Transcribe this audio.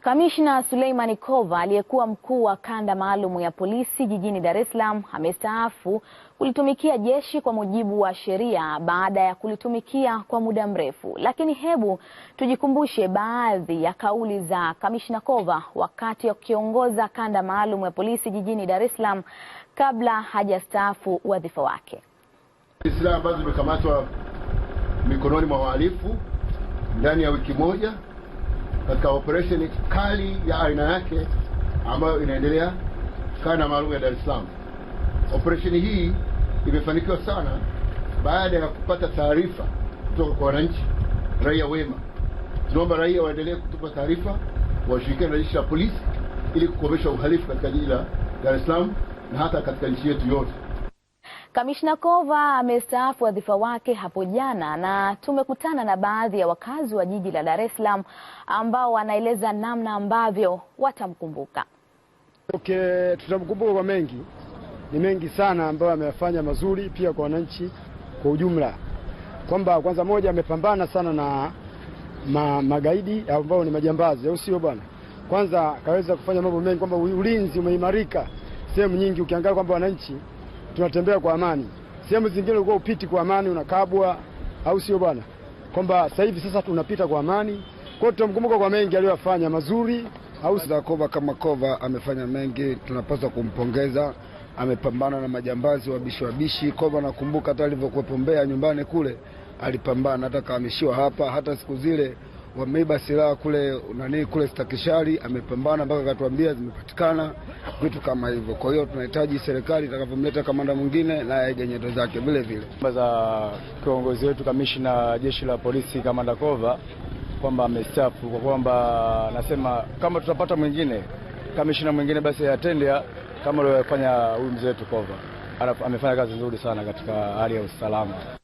Kamishna Suleimani Kova aliyekuwa mkuu wa kanda maalum ya polisi jijini Dar es Salaam amestaafu kulitumikia jeshi kwa mujibu wa sheria baada ya kulitumikia kwa muda mrefu. Lakini hebu tujikumbushe baadhi ya kauli za Kamishna Kova wakati wa kiongoza kanda maalum ya polisi jijini Dar es Salaam kabla hajastaafu wadhifa wake. Silaha ambazo zimekamatwa mikononi mwa wahalifu ndani ya wiki moja katika operesheni kali ya aina yake ambayo inaendelea kanda maalum ya Dar es Salaam. Operesheni hii imefanikiwa sana baada ya kupata taarifa kutoka kwa wananchi, raia wema. Tunaomba raia waendelee kutupa taarifa, washirikiane na jeshi la polisi ili kukomesha uhalifu katika jiji la Dar es Salaam na hata katika nchi yetu yote. Kamishna Kova amestaafu wadhifa wake hapo jana na tumekutana na baadhi ya wakazi wa jiji la Dar es Salaam ambao wanaeleza namna ambavyo watamkumbuka. Okay, tutamkumbuka kwa mengi, ni mengi sana ambayo ameyafanya mazuri, pia kwa wananchi kwa ujumla, kwamba kwanza, moja, amepambana sana na ma, magaidi ambao ni majambazi, au sio bwana? Kwanza akaweza kufanya mambo mengi, kwamba ulinzi umeimarika sehemu nyingi, ukiangalia kwamba wananchi tunatembea kwa amani. Sehemu zingine ulikuwa upiti kwa amani, unakabwa, au sio bwana? Kwamba sasa hivi sasa tunapita kwa amani. Kwa hiyo tutamkumbuka kwa mengi aliyofanya mazuri, au Kova kama Kova amefanya mengi, tunapaswa kumpongeza. Amepambana na majambazi, wabishi wabishi. Kova nakumbuka hata alivyokuwepo Mbeya nyumbani kule, alipambana hata kaamishiwa hapa, hata siku zile wameiba silaha kule nani kule Stakishari, amepambana mpaka akatuambia zimepatikana, vitu kama hivyo. Kwa hiyo tunahitaji serikali itakavyomleta kamanda mwingine, na aige nyeto zake vile vile za kiongozi wetu kamishina jeshi la polisi kamanda Kova kwamba amestafu kwa kwamba nasema kama tutapata mwingine kamishina mwingine basi atendea kama alivyofanya huyu mzee wetu Kova. Amefanya kazi nzuri sana katika hali ya usalama.